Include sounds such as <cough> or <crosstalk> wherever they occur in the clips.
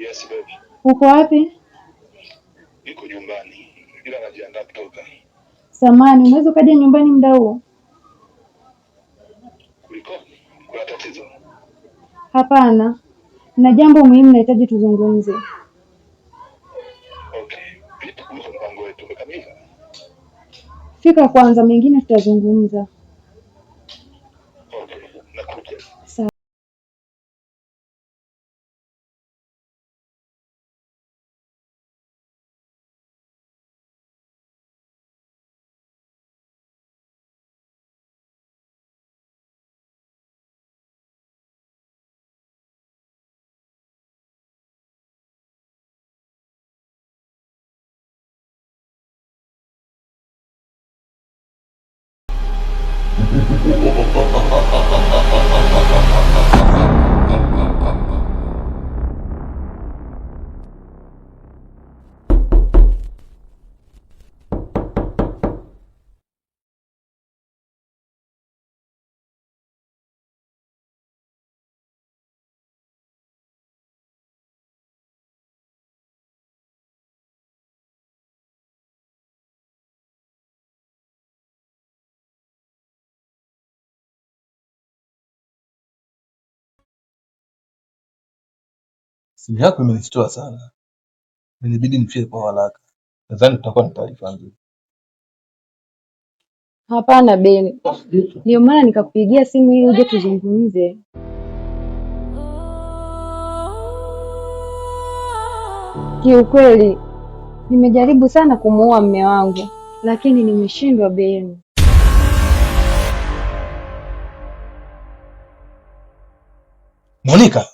Yes, baby. Uko wapi? Niko nyumbani ila najiandaa kutoka. Samani, unaweza ukaja nyumbani muda huo Kuliko? Kuna tatizo? Hapana, na jambo muhimu nahitaji tuzungumze. Okay. Fika kwanza, mengine tutazungumza. Simu yako imenishtua sana. inabidi nifie kwa haraka. Nadhani tutakuwa na taarifa nzuri. Hapana Ben, ndio maana nikakupigia simu ili uje tuzungumze. Kiukweli nimejaribu sana kumuoa mme wangu, lakini nimeshindwa Ben. monika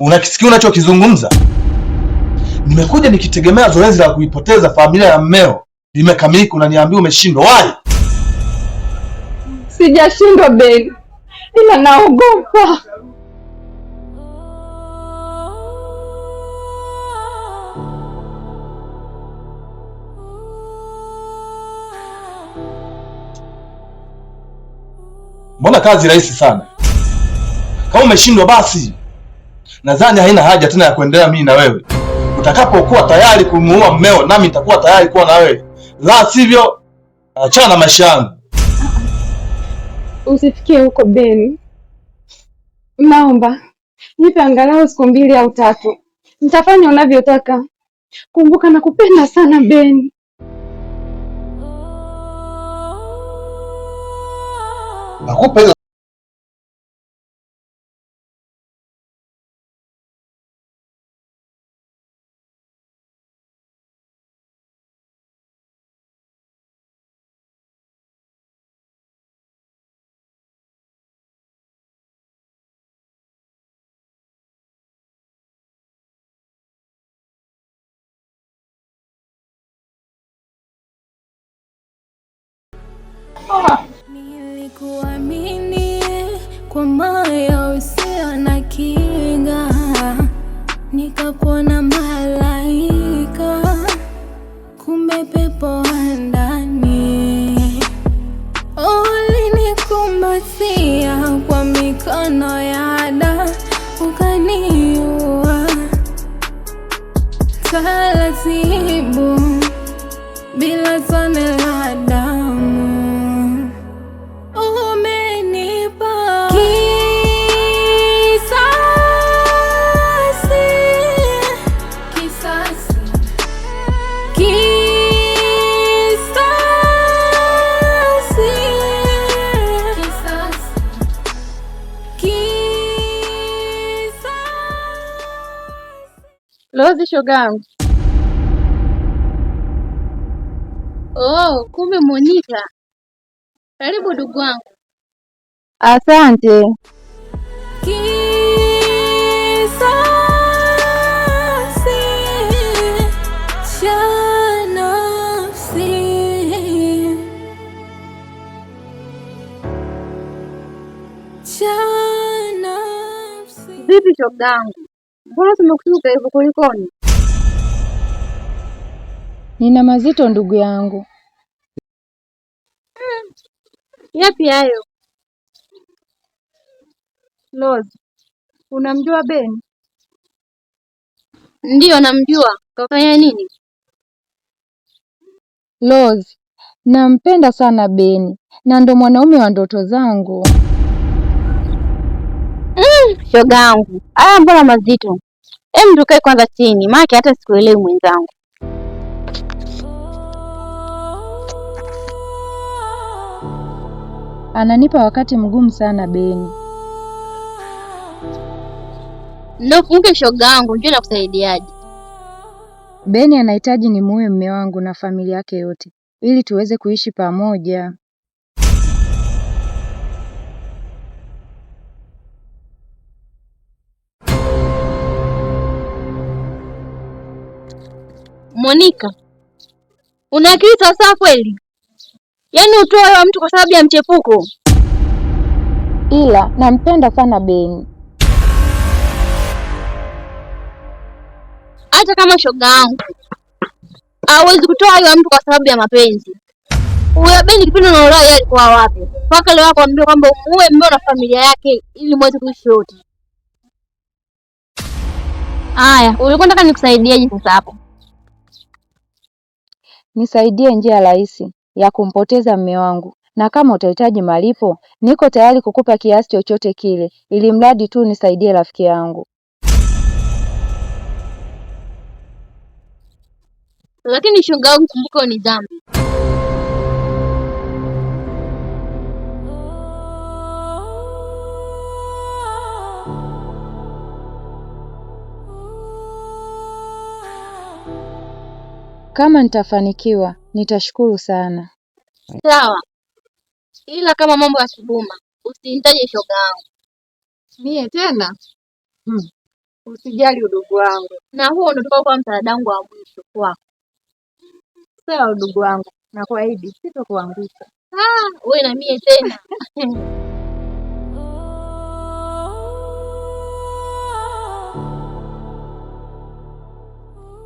Unakisikia unachokizungumza? Nimekuja nikitegemea zoezi la kuipoteza familia ya mmeo limekamilika, unaniambia umeshindwa. Wai, sijashindwa Ben, ila naogopa. Mbona kazi rahisi sana? Kama umeshindwa basi nadhani haina haja tena ya kuendelea mimi na wewe. Utakapokuwa tayari kumuua mmeo, nami nitakuwa tayari kuwa na wewe, la sivyo achana na maisha yangu. Usifikie huko Ben, naomba nipe angalau siku mbili au tatu, nitafanya unavyotaka. Kumbuka nakupenda sana Ben. Oh. Nakupenda Nilikuamini kwa moyo usio na kinga, nikakuona malaika, kumbe pepo wa ndani. Ulinikumbatia kwa mikono ya ada, ukaniua taratibu bila sonela Lozi shogangu. Oh, kumbe Monika. Karibu ndugu wangu. Asante. Vipi shogangu? Mbona tumekushuka hivyo kulikoni? Nina mazito ndugu yangu. Hmm. Yapi hayo? Lozi, unamjua Beni? Ndiyo, namjua. Kafanya nini? Lozi, nampenda sana Beni na ndo mwanaume wa ndoto zangu. Shoga yangu, haya mbona mazito? Em, tukae kwanza chini, maana hata sikuelewi mwenzangu. Ananipa wakati mgumu sana Beni. Ndo funge shoga yangu, njoo nakusaidiaje? Beni anahitaji nimuue mume wangu na familia yake yote ili tuweze kuishi pamoja. monika una akili sawasawa kweli? Yaani utoe wa mtu kwa sababu ya mchepuko. Ila nampenda sana Beni, hata kama shoga yangu hawezi kutoa wa mtu kwa sababu ya mapenzi. Huyo Beni kipindi unaolewa yeye alikuwa wapi? Mpaka leo akwambia kwamba muwe mmeo na familia yake ili muweze kuishi yote? Haya, ulikuwa unataka nikusaidieje sasa hapo? Nisaidie njia rahisi ya kumpoteza mme wangu, na kama utahitaji malipo, niko tayari kukupa kiasi chochote kile, ili mradi tu nisaidie rafiki yangu. Lakini shoga yangu, kumbuka ni dhambi. Kama nitafanikiwa nitashukuru sana. Sawa, ila kama mambo ya Suduma usihitaji shoga yangu mie tena. Hmm, usijali udugu wangu, na huo unatoka kwa msaada wangu wa mwisho kwako. Sawa udugu wangu, na kuahidi sitokuangusha. Ah, wewe na mie tena <laughs>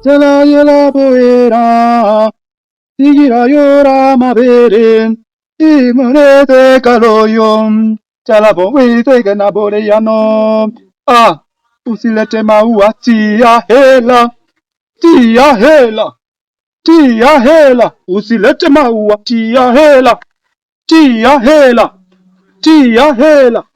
tela yela boera poera, y la llora maveren, y morete caloyon, se la poete que ah, usilete mahua, tía hela, tia hela, tía hela, pusilete hela, tia hela, tia hela.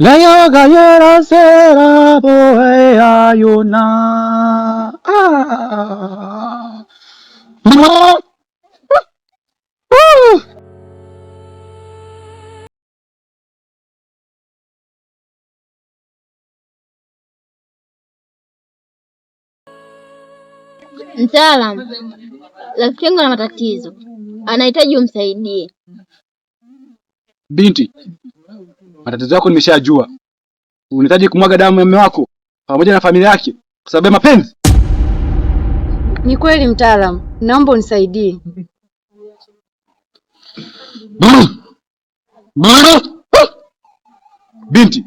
Leo gallera será voy a ayunar. Ah. rafiki yangu ana matatizo, anahitaji umsaidie. Binti, matatizo yako nimeshajua. Unahitaji kumwaga damu ya mume wako pamoja na familia yake kwa sababu ya mapenzi? Ni kweli mtaalam naomba unisaidie. Binti,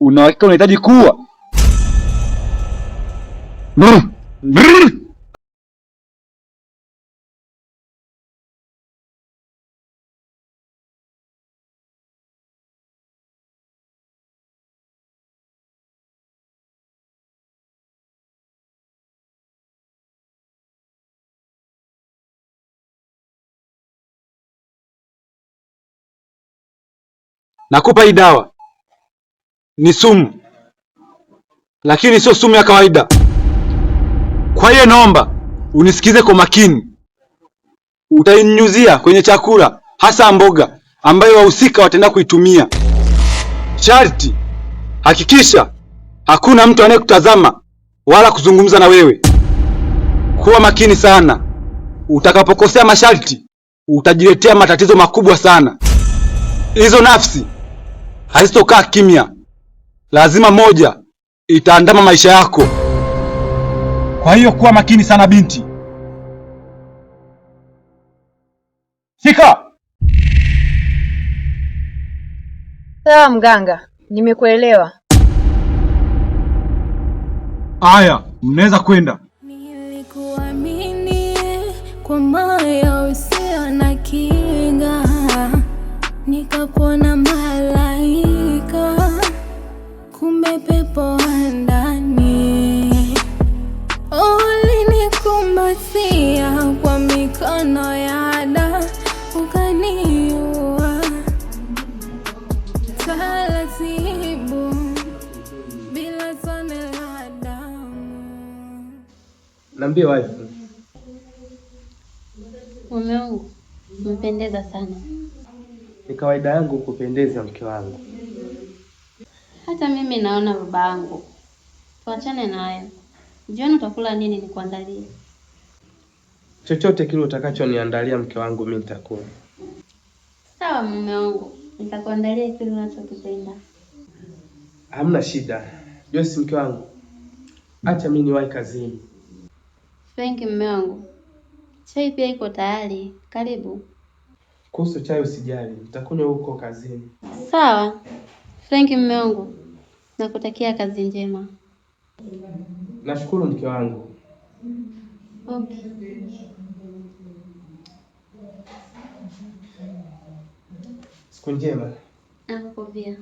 una hakika unahitaji kuwa nakupa hii dawa ni sumu, lakini sio sumu ya kawaida. Kwa hiyo naomba unisikize kwa makini. Utainyunyuzia kwenye chakula, hasa mboga ambayo wahusika wataenda kuitumia. Sharti hakikisha hakuna mtu anayekutazama wala kuzungumza na wewe. Kuwa makini sana, utakapokosea masharti utajiletea matatizo makubwa sana. Hizo nafsi haisitokaa kimya, lazima moja itaandama maisha yako. Kwa hiyo kuwa makini sana binti. Fika sawa. Mganga, nimekuelewa. Aya, mnaweza kwenda. ulipo ndani, ulinikumbatia kwa mikono ya ada, ukaniua taratibu bila tone la damu. Naambia wife, mume wangu mpendeza sana. Ni kawaida yangu kupendeza mke wangu hata mimi naona yangu. tuachane nayo. Jioni utakula nini nikuandalie? Chochote kile utakachoniandalia mke wangu, mimi nitakula. Sawa mume wangu, nitakuandalia kile unachokipenda. Hamna shida. Joyce, mke wangu, acha mimi niwahi kazini. you mume wangu, chai pia iko tayari, karibu. Kuhusu chai usijali, nitakunywa huko kazini. Sawa. Frank, mume wangu, nakutakia kazi njema. Nashukuru mke wangu. Okay. Siku njema. Ako pia.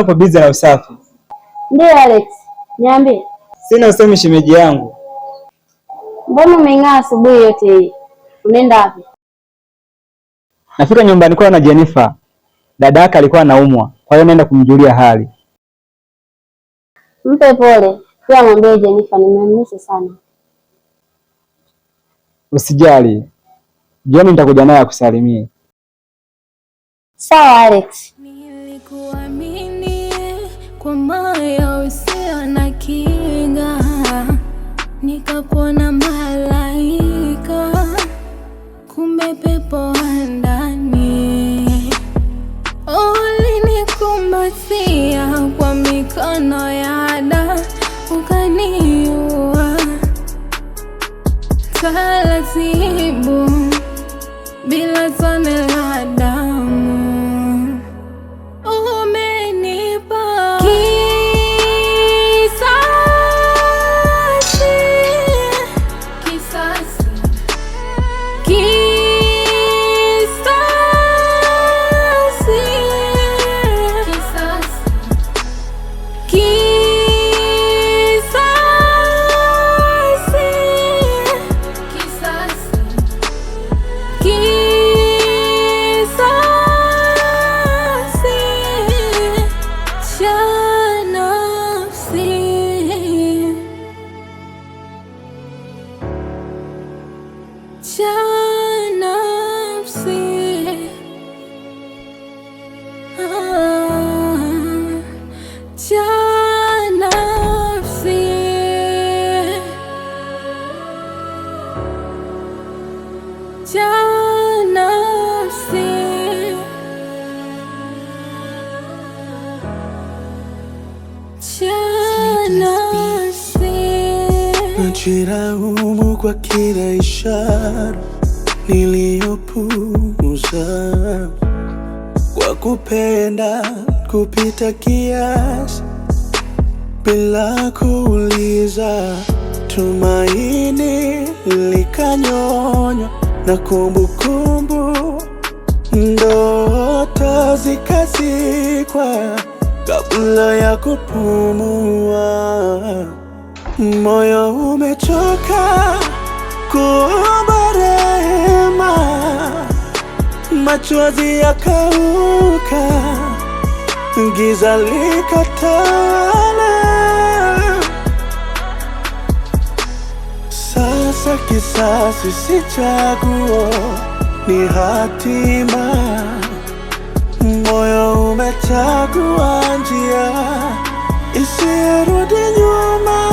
naona upo bize na usafi. Ndio Alex, niambie. Sina usemi shemeji yangu. Mbona umeng'aa asubuhi yote hii? Unaenda wapi? Nafika nyumbani kwao na Jennifer. Dada yake alikuwa anaumwa, kwa hiyo naenda kumjulia hali. Mpe pole, pia mwambie Jennifer nimemisi sana. Usijali, jioni nitakuja naye akusalimie. Sawa Alex. Conozco, no ya. najiraumu kwa kila ishara niliyopuuza, kwa kupenda kupita kiasi bila kuuliza. Tumaini likanyonywa na kumbukumbu, ndoto zikazikwa kabla ya kupumua. Moyo umechoka kuomba rehema, machozi yakauka, giza likatawala. Sasa kisasi si chaguo, ni hatima. Moyo umechagua njia isiyorudi nyuma.